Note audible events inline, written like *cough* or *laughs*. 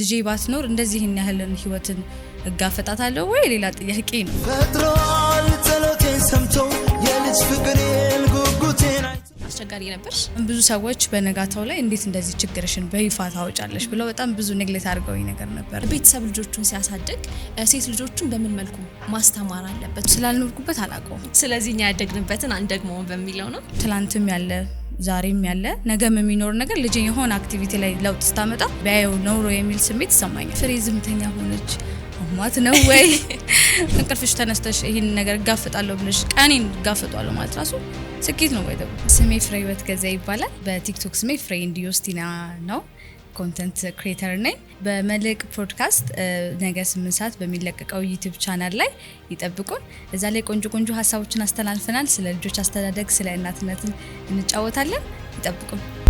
ልጄ ባትኖር እንደዚህን ያህልን ህይወትን እጋፈጣታለሁ ወይ? ሌላ ጥያቄ ነው። ፈጥሯል ጸሎቴን ሰምቶ የልጅ ፍቅር ጉጉቴን አስቸጋሪ ነበርሽ። ብዙ ሰዎች በነጋታው ላይ እንዴት እንደዚህ ችግርሽን በይፋ ታወጫለሽ ብለው በጣም ብዙ ንግሌት አድርገው ነገር ነበር። ቤተሰብ ልጆቹን ሲያሳድግ ሴት ልጆቹን በምን መልኩ ማስተማር አለበት ስላልኖርኩበት አላውቀውም። ስለዚህ እኛ ያደግንበትን አንደግመውን በሚለው ነው ትላንትም ያለ ዛሬም ያለ ነገም የሚኖር ነገር ልጅ የሆነ አክቲቪቲ ላይ ለውጥ ስታመጣ ቢያየው ኖሮ የሚል ስሜት ይሰማኛል። ፍሬ ዝምተኛ ሆነች። ማት ነው ወይ *laughs* እንቅልፍሽ ተነስተሽ ይህን ነገር እጋፈጣለሁ ብለሽ ቀኔን እጋፈጧለሁ ማለት ራሱ ስኬት ነው ወይ ደግሞ። ስሜ ፍሬ ህይወት ገዛ ይባላል። በቲክቶክ ስሜ ፍሬ እንዲዮስቲና ነው። ኮንተንት ክሬተር ነኝ። በመልሕቅ ፖድካስት ነገ ስምንት ሰዓት በሚለቀቀው ዩቲዩብ ቻናል ላይ ይጠብቁን። እዛ ላይ ቆንጆ ቆንጆ ሀሳቦችን አስተላልፈናል። ስለ ልጆች አስተዳደግ፣ ስለ እናትነትን እንጫወታለን። ይጠብቁን።